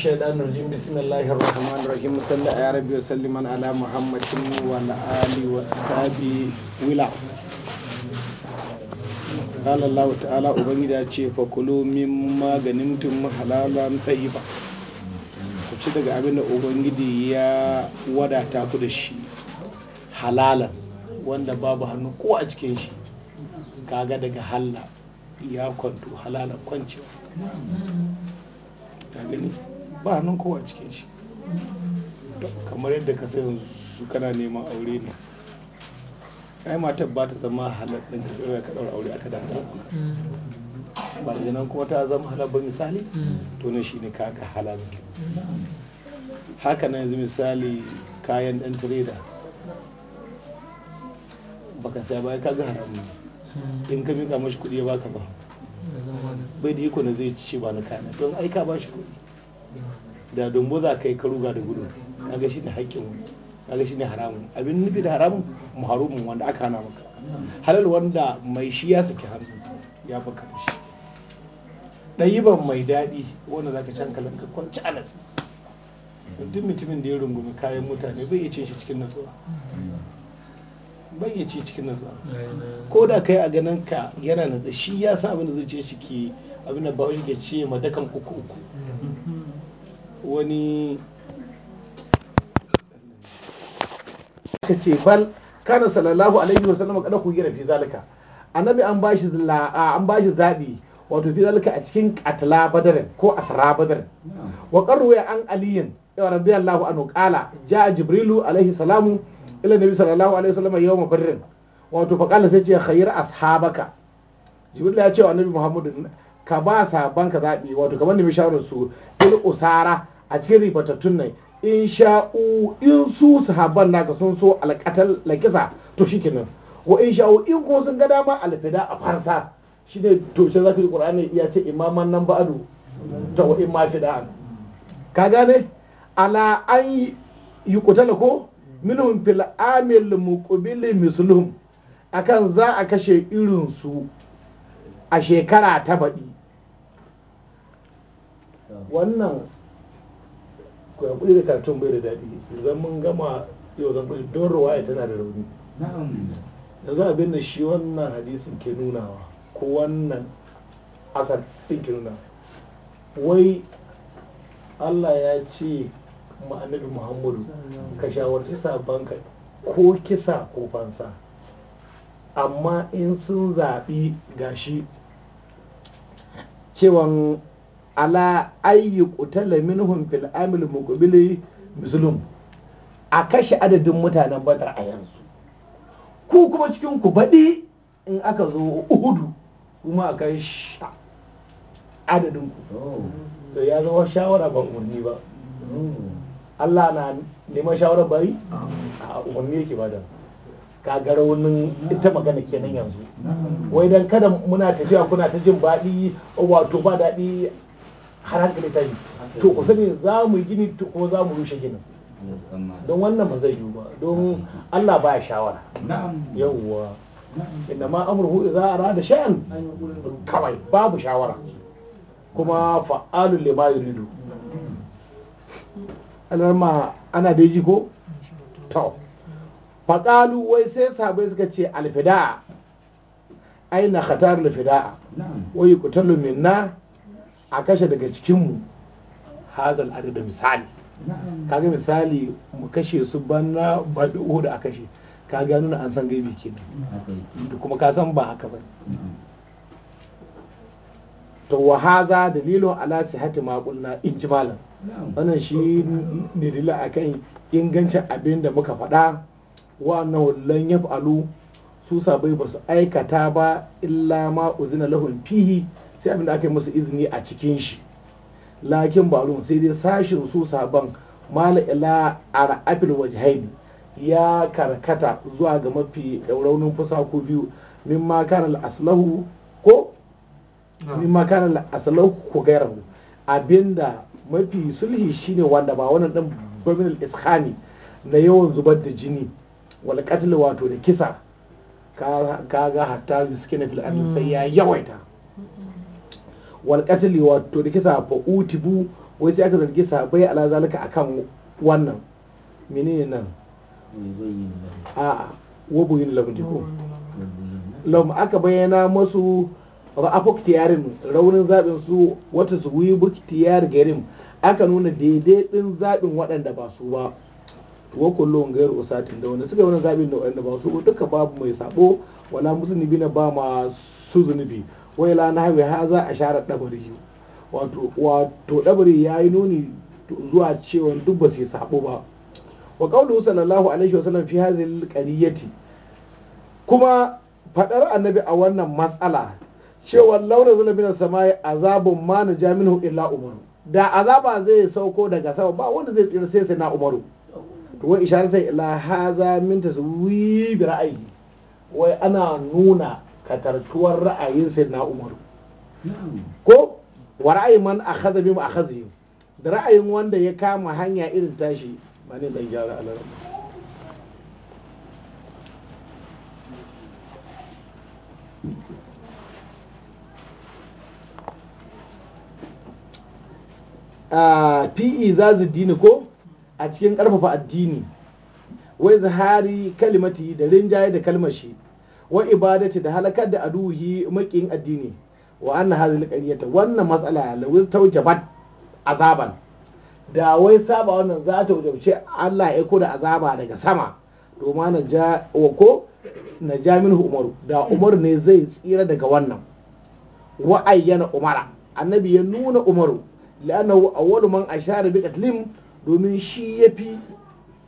الشيطان الرجيم بسم الله الرحمن الرحيم صلى يا ربي وسلم على محمد وعلى آله وصحبه ولا قال الله تعالى ya ce fa kulu min maganintum halalan ba, ku ci daga abin da ubangiji ya wadata ku da shi halalan wanda babu hannu ko a cikin shi kaga daga halla ya kwanto halalan kwancewa ka gani ba nan kowa a cikin shi kamar yadda ka sai su kana neman aure ne ai mata ba ta zama halar ɗin ka sai ka ɗaura aure aka hada mm. ba da nan kuma ta zama halar ba misali mm. to shi ne ka ka halar haka nan yanzu misali kayan ɗan tireda baka sai ba ka ga haramun mm. in ka mika mashi kuɗi ya baka ba bai da iko na zai ci ba na kayan don aika ba shi kuɗi da dumbo za ka yi karuga da gudu kaga shi ne haƙƙin kaga shi ne haramun abin nufi da haramun muharumin wanda aka hana maka halal wanda mai shi ya saki hannu ya baka da shi ɗayiban mai daɗi wanda za ka can kalan ka kwanci a natsi duk mutumin da ya rungumi kayan mutane bai iya cin shi cikin natsuwa bai iya ci cikin natsuwa ko da kai a ganin ka yana natsa shi ya sa abin da zai ce shi ke abin da bawai ke ce ma dakan uku uku wani ka ce bal kana sallallahu alaihi wa sallam kada ku gira fi zalika annabi an bashi an bashi zabi wato fi zalika a cikin qatla badar ko asra badar wa qarru ya an aliyin ya radiyallahu anhu qala ja jibrilu alaihi salamu ila nabi sallallahu alaihi wa sallam yawma badr wato fa qala sai ce khayr ashabaka jibril ya ce wa annabi muhammadu ka ba sa banka zabi wato kamar da mishawarar su fil usara a cikin ribatattun nan in sha'u in su sahabban naka sun so alƙatar lakisa to shikenan wa in sha'u in ko sun ga dama alfida a farsa shine to shi zafi ji qur'ani ya ce imaman nan ba'adu ta wa in ma an ka gane ala an yi kutala ko minhum fil amil muqbil misluhum akan za a kashe irin su a shekara ta baɗi wannan kuɗi da karatun bai da daɗi zan mun gama yau zan kudi don ruwaya tana da rauni yanzu abin da shi wannan hadisin ke nunawa ko wannan asar ɗin ke nuna wai Allah ya ce ma Muhammadu ka shawarci ka ko kisa ko fansa amma in sun zaɓi gashi cewan ala ayyu qutala minhum fil amil muqbili muslim a kashe adadin mutanen badar a yanzu ku kuma cikin ku baɗi in aka zo uhudu kuma a kai adadin ku oh. to ya zama shawara ba umarni ba Allah na neman shawarar bari a umarni yake bada ga raunin ita magana kenan yanzu wai dan kada muna tafiya kuna ta jin baɗi wato ba daɗi har hankali ta to ku sani za mu gini ko za mu rushe ginin don wannan ba zai yiwu ba don Allah ba ya shawara yawwa inda ma amurhu idza arada sha'an kawai babu shawara kuma fa'alun lima yuridu alarma ana da ji ko to fa'alu wai sai sabai suka ce alfida aina khatar alfida'a wai kutallu minna a kashe daga cikinmu hazal da misali kaga misali mu kashe su bana baɗo da a kashe ka gano an san gaibi kenan da kuma ka san ba haka ba to wa haza dalilun ala sihati ma qulna ijmalan wannan shi ne dalila akan ingancin abin da muka faɗa wa lan yaf'alu su sabai ba su aikata ba illa ma uzina lahum fihi sai abin da aka yi musu izini a cikin shi lakin baron sai dai sashin su sabon mala ila arafil wajhaini ya karkata zuwa ga mafi raunin fusa ko biyu min makanar aslahu ko min ko gairahu abinda mafi sulhi shine wanda ba wannan dan baminal iskhani na yawan zubar da jini wal qatl wato da kisa kaga hatta yuskina fil ardi sai ya yawaita wal qatl wato da kisa fa utibu wai sai aka zargi sahabbai ala zalika akan wannan menene nan a wa buyin lam ko lam aka bayyana masu ra'afuk tiyarin raunin zabin su wata su wuyi burki tiyar garin aka nuna daidai ɗin zaɓin waɗanda ba su ba wa kullun gairu usatin da wanda suka yi wannan zabin da waɗanda ba su duka babu mai sabo wala musulmi bina ba ma su zunubi wai la na hawi za a share ɗabari. wato ɗabari ya yi nuni zuwa cewa duk ba yi sabo ba wa qawluhu sallallahu alaihi wasallam fi hadhihi alqariyati kuma fadar annabi a wannan matsala cewa launa zuna bin samai azabun ma na jaminhu illa umaru da azaba zai sauko daga sama ba wanda zai tsira sai sai na umaru to wai isharatan ila haza min taswi bi ra'ayi wai ana nuna katartuwar ra'ayin sai na umaru ko wa ra'ayin man a bi a da ra'ayin wanda ya kama hanya irin tashi ba ne dan gyara alaram a ah, pe zazu dini ko a cikin karfafa addini wai zahari kalimati da rinjaye da kalmar shi wa ibadati da halakar da aduhi makiyin addini wa anna hadhihi ta. wannan matsala law tawjabat azaban da wai saba wannan za ta wajabce Allah ya da azaba daga sama ma na ja wa ko na ja minhu umaru da umar ne zai tsira daga wannan wa ayyana umara annabi ya nuna umaru la'annahu awwalu man ashara bi qatlim domin shi yafi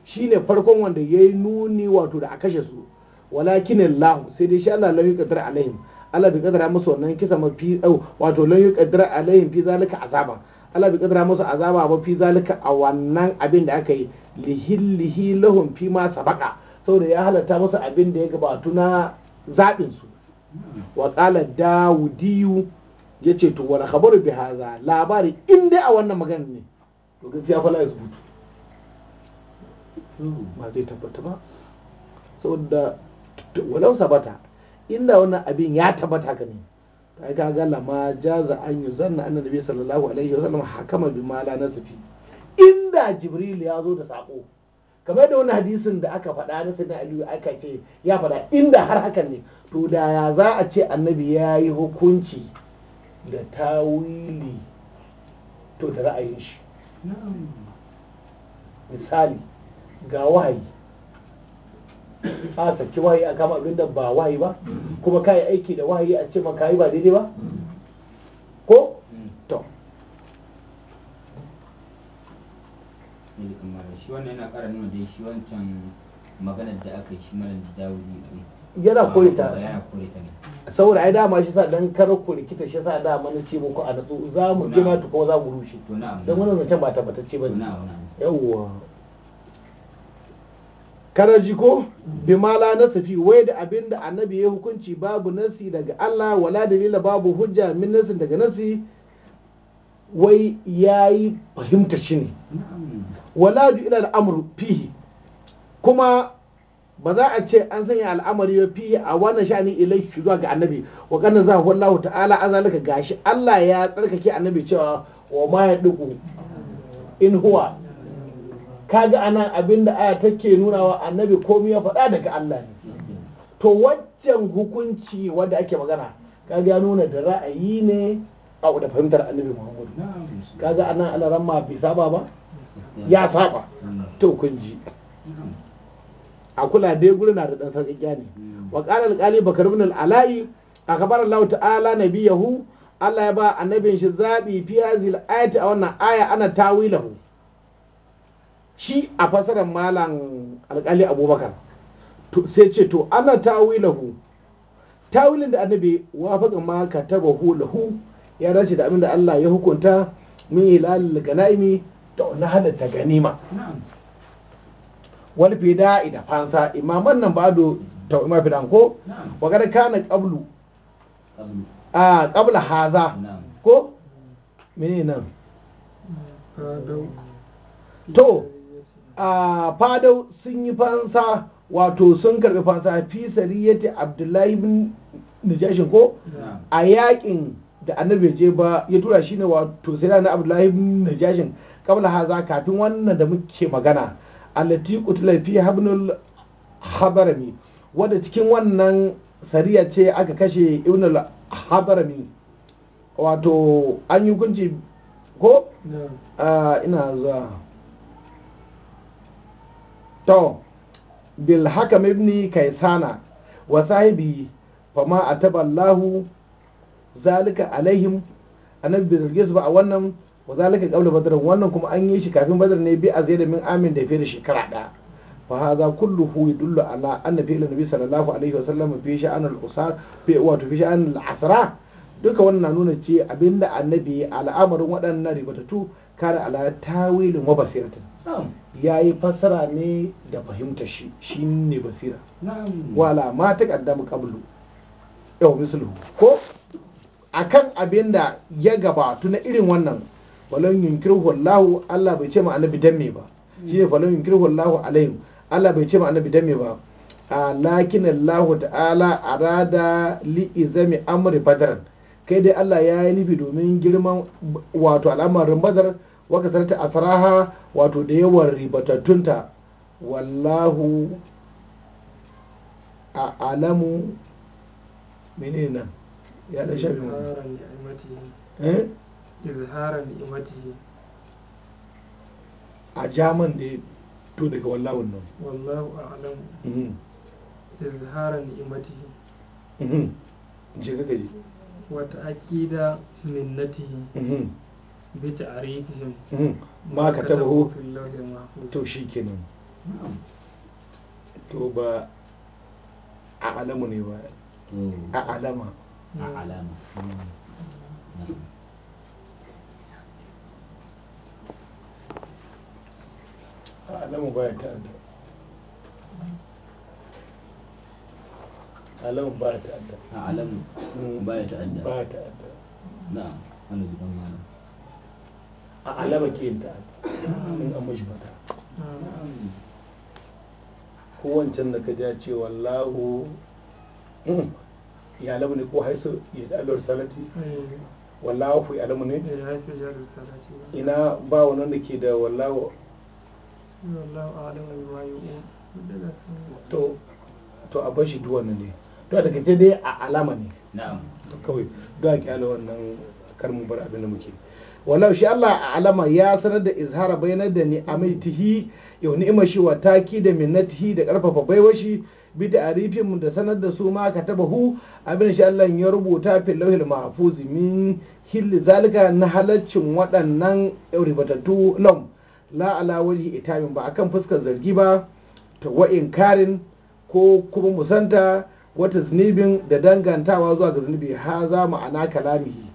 shine farkon wanda yayi nuni wato da a kashe su walakin Allah sai dai shi Allah la kadara alaihim Allah bai kadara musu wannan kisa ma fi wato la kadara alaihim fi zalika azaban Allah bai kadara musu azaba ba fi zalika a wannan abin da aka yi lihillihi lahum fi ma sabaka saboda ya halatta musu abin da ya gabatu na zabin su wa qala dawudiyu yace to wala khabaru bi hadha labari in dai a wannan magana ne to gaskiya fa la yasbutu ba zai tabbata ba saboda walau sabata inda wannan abin ya tabbata ka ne ta ga gala ma jaza an yi zanna annan nabi sallallahu alaihi wasallam hakama bi ma na nasfi inda jibril ya zo da sako kamar da wani hadisin da aka faɗa na sayyidina ali aka ce ya faɗa inda har hakan ne to da ya za a ce annabi ya yi hukunci da tawili to da ra'ayin shi misali ga wahayi a saki wahayi a kama abin da ba wahayi ba kuma ka yi aiki da wahayi a ce ma ka yi ba daidai ba ko to shi wannan yana ƙara nuna dai shi wancan maganar da aka yi shi malam dawudi yana saboda ai dama shi sa dan karo ku rikita shi sa dama na ce muku a natsu za mu gina ta za mu rushe don wannan zancen ba tabbatacce ba ne yawwa karaji ko bimala na safi wai da abin da annabi ya hukunci babu nasi daga Allah wala dalila babu hujja min nasin daga nasi wai yayi fahimta shi ne wala ju ila al'amru fihi kuma ba za a ce an sanya al'amari ya a wannan sha'ani ilai zuwa ga annabi wa kana za Allah ta'ala an zalika gashi Allah ya tsarkake annabi cewa wa ma ya duku in huwa kaga anan abinda aya take nunawa annabi komai ya faɗa daga Allah ne to waccan hukunci wanda ake magana kaga ya nuna da ra'ayi ne a da fahimtar annabi Muhammad kaga anan Allah ramma bai saba ba ya saba to kun ji a kula dai gurin na da dan sarki ne wa qala al-qali bakar ibn al-alai akbar Allah ta'ala nabiyahu Allah ya ba annabin shi zabi fi hazil ayati a wannan aya ana tawilahu shi a fasarar malam alkali abubakar sai ce to ana tawilahu tawilin da annabi wafaka ma ka taba lahu ya dace da abin da Allah ya hukunta min hilal ganaimi da wani halatta ganima wal fida'i da fansa imaman nan ba do ta ima fidan ko wa gar kana qablu a qabla haza ko menene nan to a fadau sun yi fansa wato sun karbi fansa fi sariyati abdullahi bin nijashin ko a yakin da annabi je ba ya tura shi ne wato sai na abdullahi bin najashin kabla haza kafin wannan da muke magana allati qutila fi habnul habarami wadda cikin wannan sariya ce aka kashe ibn al-habarami wato an yi hukunci ko ina zuwa to bil hakam ibn kaisana wa sahibi fama ataba Allahu zalika alaihim annabi bai zarge su ba a wannan wa zalika qabla badr wannan kuma an yi shi kafin badar ne bi azida min amin da fiye da shekara ɗaya, fa hadha kulluhu yadullu ala anna fi'l nabi sallallahu alaihi wa sallam fi sha'an al-usar fi wato fi sha'an al-asra duka wannan nuna ce abinda annabi al'amarin waɗannan ribatatu kana ala tawilin wa basiratin ya yi fassara ne da fahimta shi shi ne basira wala ma ta kaddama kablu yau mislu ko akan abin da ya gabatu na irin wannan falon yunkirhu wallahu Allah bai ce ma annabi dan me ba mm. shi ne falon wallahu alaihim Allah bai ce ma annabi dan me ba lakin Allah ta'ala arada li izami amri badar kai dai Allah ya yi nufi domin girman wato al'amarin badar wa a asraha wato da yawan ribatattunta wallahu a alamu menene nan ya da shafi eh izharan ni'matihi a jaman da to daga wallahun nan wallahu a a'lam mm-hmm. izharan ni'matihi mm-hmm. je kaka ji wata akida minnatihi mm-hmm. bita'arihim hmm. ma ka tabahu to shi kenan to ba a alamu ne ba hmm. a alama a alama a alamu ba ya ta'adda alamu ba ya ta'adda a alamu ba ya ta'adda hmm. ba ya ta'adda na'am ana jikan malam a alama ke yin in an mashi fata kowancan da ka ja ce wallahu hmm, ya alamu ne ko haisu ya da'alar salati wallahu ya alamu ne ina ba wannan da ke da wallahu to a bashi duwa na ne to a takaice dai a alama ne na'am kawai duwa a alawar nan kar mu bar abin da muke walau shi Allah a alama ya sanar da izhara bayanar da ni a mai tihi yau ni'imar shi wa taki da minnatihi da karfafa baiwar shi bi da arifin da sanar da su ma ka taba hu abin shi Allah ya rubuta fil lauhil mahfuz min hilli zalika na halaccin waɗannan ribatattu lam la ala wajhi itamin ba akan fuskar zargi ba ta wa'in karin ko kuma musanta wata zunubin da dangantawa zuwa ga zunubi ha za ma'ana kalamihi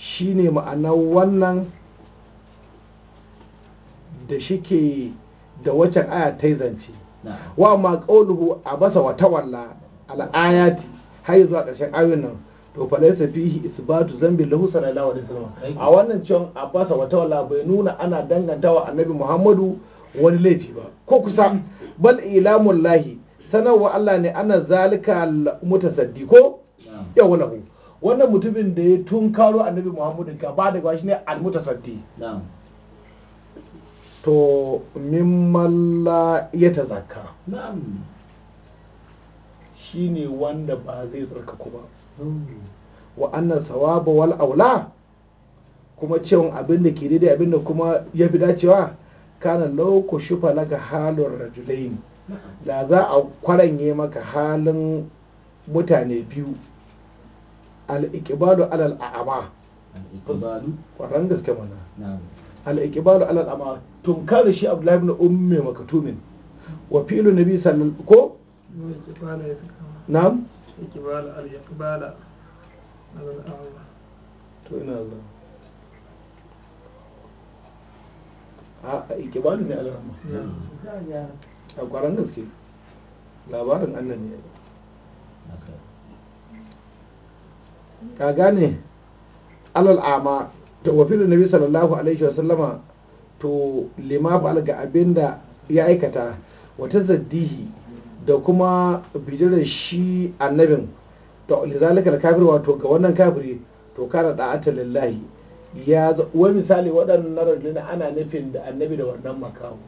shine ma'anar wannan da shike da waccan aya ta zance wa ma a basa wata walla al'ayati har zuwa ƙarshen ayon nan to fa fihi isbatu zambi lahu sallallahu alaihi wasallam a wannan cewa abasa wata walla bai nuna ana danganta wa annabi muhammadu wani laifi ba ko kusa bal ilamullahi sanarwa Allah ne ana zalika Saddi ko yawa lahu wannan mutumin da ya tun karo annabi ka gaba da gaba shine almutasaddi to min la ya ta shi shine wanda ba zai tsarkaku ba wa annan sawaba wal aula kuma cewa abin da ke daidai abin da kuma ya fi dacewa kana lauku shufa laka halin rajulai da za a kwaranye maka halin mutane biyu al’iƙibalu iqbalu alal a'ama kwaran gaske mana al’iƙibalu iqbalu alal a'ama tunkar shi abdullahi ibn ummi makatumin wa filo na bisa ko na? iqbala al-iqbala alal a'ama to ina a ne a gaske labarin annan ne ka gane alal ama ta wafi da nabi sallallahu alaihi wasallama to lima ga abin ya aikata wata zaddihi da kuma bidirar shi annabin to lizalikal kafir wato ga wannan kafiri to kana da'ata lillahi ya wani misali waɗannan rajulun ana nufin da annabi da wannan makawo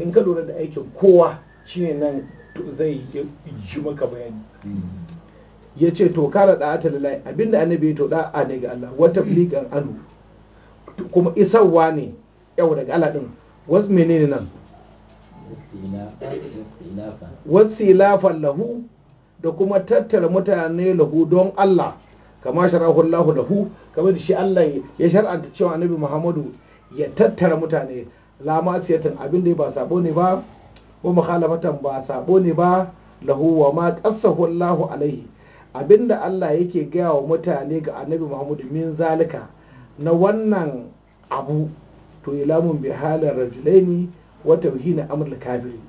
in ka lura da aikin kowa shine nan zai yi maka bayani mm. ya ce to kara ta lalai abinda annabi to a ne ga Allah wata bliqan anu kuma isarwa ne yau daga Allah din wasu menene nan wasilafan lahu da kuma tattara mutane lahu don Allah kama shara'ahun lahu lahu kamar da shi Allah ya shar'anta cewa annabi Muhammadu ya tattara mutane lama siyatan abin da ba sabo ne ba ko mukhalafatan ba sabo ne ba lahu wa ma qassahu Allahu alaihi abinda Allah yake gaya wa mutane ga annabi Muhammadu min zalika na wannan abu to ilamun bi halin rajulaini wa tauhina amrul kafiri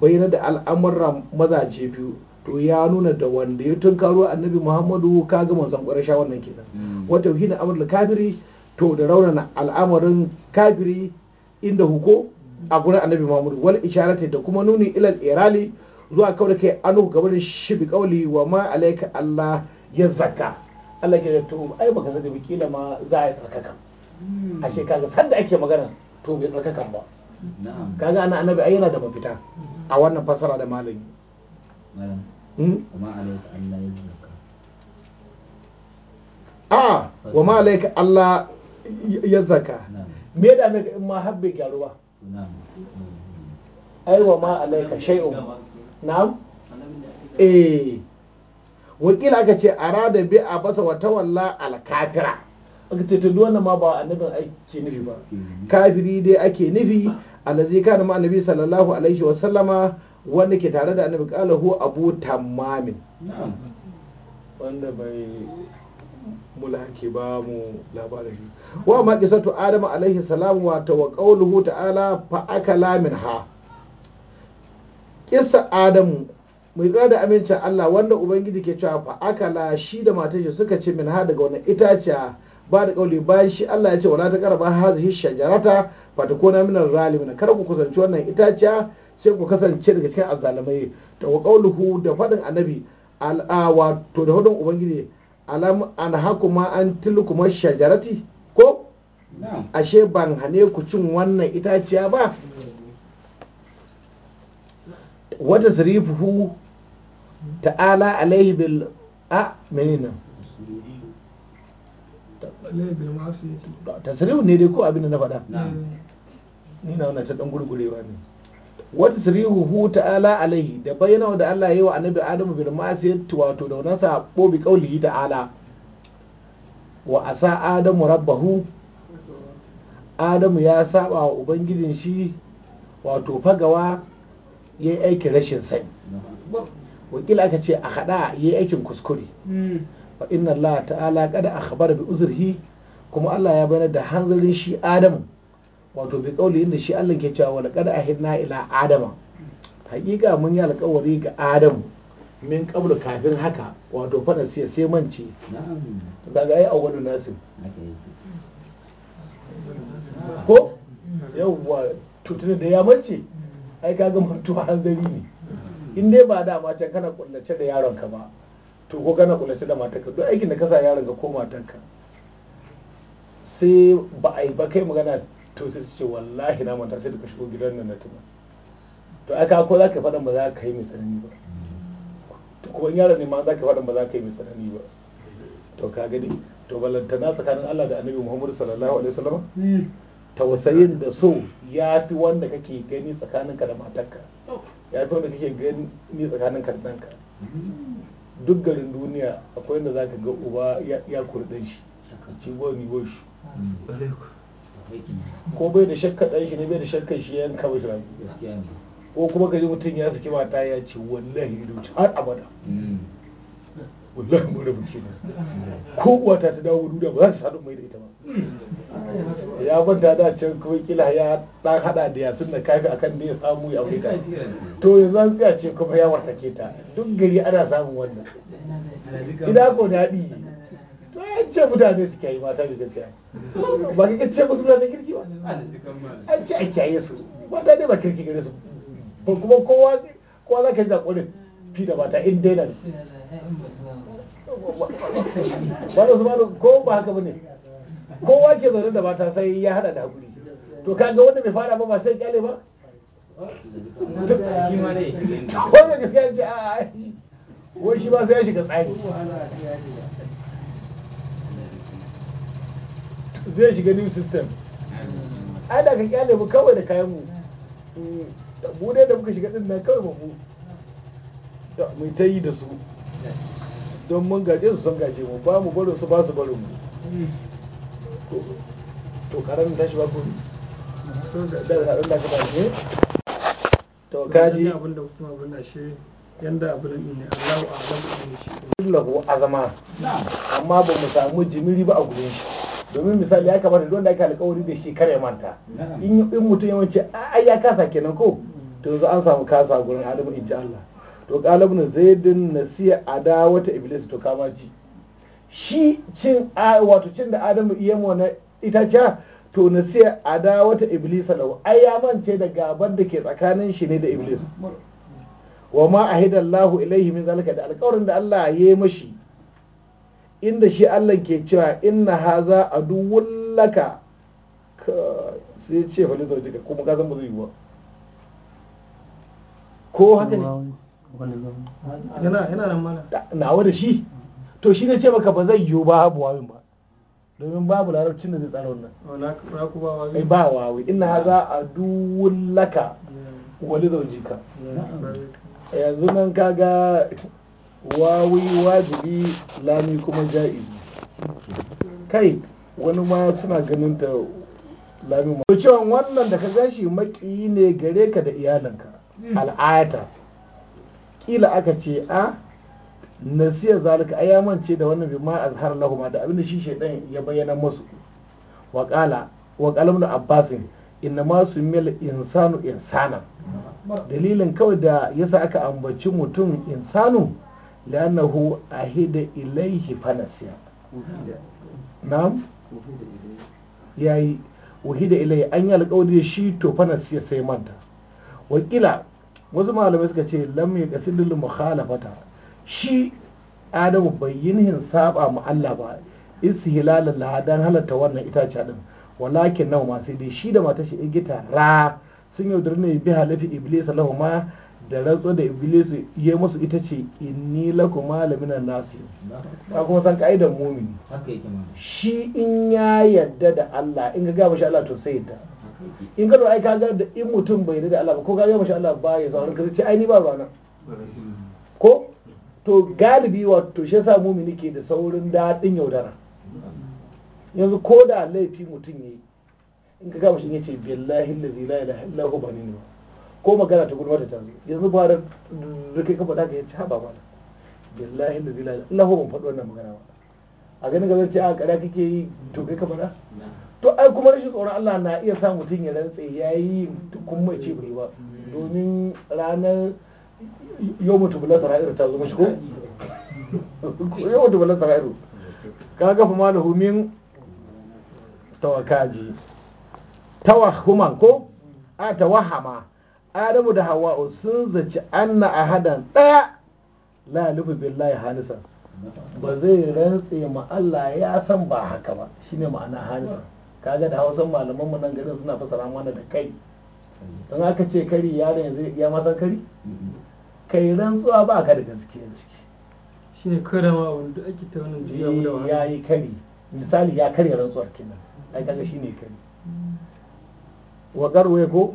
bayyana da al'amuran mazaje biyu to ya nuna da wanda ya tunkaro annabi Muhammadu kaga manzon ƙwarsha wannan kenan hmm. wa tauhina amrul kafiri to da raunana al'amarin kafiri inda huko a gurin annabi Muhammadu wal isharati da kuma nuni ilal irali zuwa kawai kai anu gaba da shi bi kauli wa ma alaika Allah ya zaka Allah ke da to ai baka zaka bi kila ma za a tsarkaka hmm. a she kaga sanda ake magana to bai tsarkaka ba kaga ana annabi ai yana da mafita a wannan fasara da malami malam kuma hmm? alaika Allah ya zaka a wa ma alaika Allah ya zaka me da me in ma habbe garuwa na'am wa ma alaika shay'un na'am eh wakil aka ce a rada bi a basa wata walla alkafira aka ce duk wannan ma ba annabin ake nufi ba mm-hmm. kafiri dai ake nufi allazi kana ma annabi sallallahu alaihi wa sallama wanda ke tare da annabi kala hu abu tamamin wanda bai mulaki ba mu labarin wa ma qisatu adama alaihi salam wa tawaqaluhu ta'ala fa akala ha kisa adamu mai tsada da amincin Allah wanda ubangiji ke cewa fa la shi da matar shi suka ce min ha daga wannan itaciya ba da kauli bayan shi Allah ya ce wala ta karba hazihi shajarata fa kona min zalimin kar ku kusanci wannan itaciya sai ku kasance daga cikin azzalumai ta wa qauluhu da fadin annabi awa to da hudun ubangiji alam an hakuma an tilkuma shajarati ko ashe ban hane ku cin wannan itaciya ba wata sirifuhu ta'ala alaihi bil a menene zarifu ne dai ko abin da na faɗa ni na wannan ta dan gurgurewa ne wata sirihuhu ta'ala alaihi da bayyana da Allah yi wa annabi Adamu bil ma'asiyati wato da wannan sabo bi ta ala wa a sa Adamu rabbahu Adamu ya saba wa ubangijin shi wato fagawa ya yi aikin rashin sani wakila aka ce a haɗa ya yi aikin kuskure wa inna Allah ta'ala kada a khabar bi uzurhi kuma Allah ya bayyana da hanzarin shi Adam wato bi kauli inda shi Allah ke cewa wa laqad ahidna ila adama hakika mun yi alƙawari ga Adam min qablu kafin haka wato fadan sai sai na'am daga ai awwalu nasin ko yawwa tutun da ya mance ai kaga mantuwa hanzari ne in dai ba da ma kana kullace da yaron ka ba to ko kana kullace da ka duk aikin da ka sa yaron ka ko ka. sai ba ai ba kai magana to sai ce wallahi na manta sai da ka shigo gidan nan na tuna to aka ko za ka faɗan ba za ka yi mai tsanani ba to kuma yaron ne ma za ka faɗan ba za ka yi mai tsanani ba to ka gani to ballantana tsakanin Allah da Annabi Muhammad sallallahu alaihi wasallam tausayin da so ya fi wanda kake gani tsakaninka da matarka ya fi wanda kake gani tsakaninka da ɗanka duk garin duniya akwai wanda za ka ga uba ya kurɗin shi ci gomi goshi ko bai da shakka ɗan shi ne bai da shakka shi yan kawai shi ko kuma gari mutum ya saki mata ya ce wallahi har abada mm. wallahi mun rabu kenan ko uwa ta ta dawo duniya ba za ta sadu mai da ita ba ya kwanta da can kawai kila ya dan hada da yasin da kafi akan da ya samu ya aure ta to yanzu an tsaya ce kuma ya wartake ta duk gari ana samun wannan ina ko di to ya ce mutane su kyayi mata da gaskiya ba ka ce musu da kirki ba an ce a kiyaye su wanda ne ba kirki gare su kuma kowa kowa za ka ji zakonin fi da mata in dai su. wani usmanu ko ba haka bane kowa ke zaune da mata sai ya hada da hakuri to kaga wanda bai fara ba ba sai kyale ba wanda gaskiya ce a wai shi ba sai ya shiga tsari zai shiga new system ai da ka kyale mu kawai da kayan mu mu ne da muka shiga din nan kawai ba mu mu ta yi da su don mun gaje su sun gaje mu ba mu barin su ba su barin mu to karan tashi ba ku da karan da kuma ne to kaji abin da kuma abin da shi yanda abin ne Allahu a'lam ne shi lahu azama amma ba mu samu jimiri ba a gurin shi domin misali ya kamata duk wanda aka alƙawari da shi kare manta in mutum yawanci ai ya kasa kenan ko to yanzu an samu kasa gurin adamu in ji Allah to ƙalabin zaidin nasiya ada wata iblis to kama ji shi cin wato cin da adamu iya na itaciya to nasiya ada wata iblis lau ai ya mance da gaban da ke tsakanin shi ne da iblis wa ma ahidallahu ilaihi min zalika da alƙawarin da Allah ya yi mashi inda shi Allah ke cewa inna haza aduwwun laka sai ce fa ka kuma ka zan ba yi ba ko haka ne nawa da shi to shi ne ce maka ba zai yiwu ba abu wawin ba domin babu larabcin da zai tsara wannan oh, ba wawi ina haza a duwun laka wani ka. yanzu nan kaga wawi wajibi lami kuma ja'izi kai wani ma suna ganin ta lami ma cewa wannan da ka gashi maƙiyi ne gare ka da iyalanka al'ayata kila aka ce a nasiya zalika a ya mance da wannan bima zahar lahuma da abin da shi shaidan ya bayyana masu waƙala qala wa abbasin inna ma sumil insanu insana dalilin kawai da yasa aka ambaci mutum insanu lannahu ahida ilaihi fanasiya na'am yayi wahida ilai an yi alƙawari da shi to fanasiya sai manta wakila wasu malamai suka ce lam ya kasidul mukhalafata shi adamu bai yinhin saba ma Allah ba istihlalan la dan halatta wannan itace din walakin nawa ma sai dai shi da matar shi igita ra sun yaudari ne bi halafi iblis ma da rantsu da iblis ya musu ita ce inni lakum malamin nasi ka kuma san ka'idar mumini shi in ya yadda da Allah in ga gaba shi Allah to sai yadda in ka ai ka da in mutum bai da Allah ba ko ka ga mashi Allah ba ya sauran ka ce ai ni ba nan ko to galibi wato shi yasa mumini ke da saurin daɗin yaudara yanzu ko da laifi mutum yayi in ka gama shi ya ce billahi allazi la ilaha illa hu bani ne ko magana ta gudu wata ta zo yanzu ba da kai kafa faɗa ka yace ha ba ba billahi allazi la ilaha illa hu ban faɗi wannan magana ba a ganin ga zan ce a kada kake yi to kai ka faɗa to ai kuma rashin tsoron Allah na iya sa mutum ya rantse ya yi tukun mai ce bai ba domin ranar yau mutu bala sara'iru ta zama shi ko yau mutu bala sara'iru ka gafa da min tawakaji tawahuman ko a tawahama adamu da hawa'u sun zaci anna hadan daya la lubu billahi hanisan ba zai rantse ma Allah ya san ba haka ba shine ma'ana hanisan kaga da hausan malaman mu nan garin suna fasara mana da kai don haka ce kari yaron yanzu ya masa kari kai rantsuwa ba ka da a ciki shi ne kada ma wanda ake ta wani juya mu da wani eh, ya yi kari misali ya karya rantsuwar kenan ai kaga shi ne kari wa garwe ko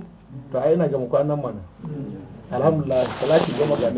to ai na ga mukwanan kwanan mana mm. alhamdulillah salati goma ga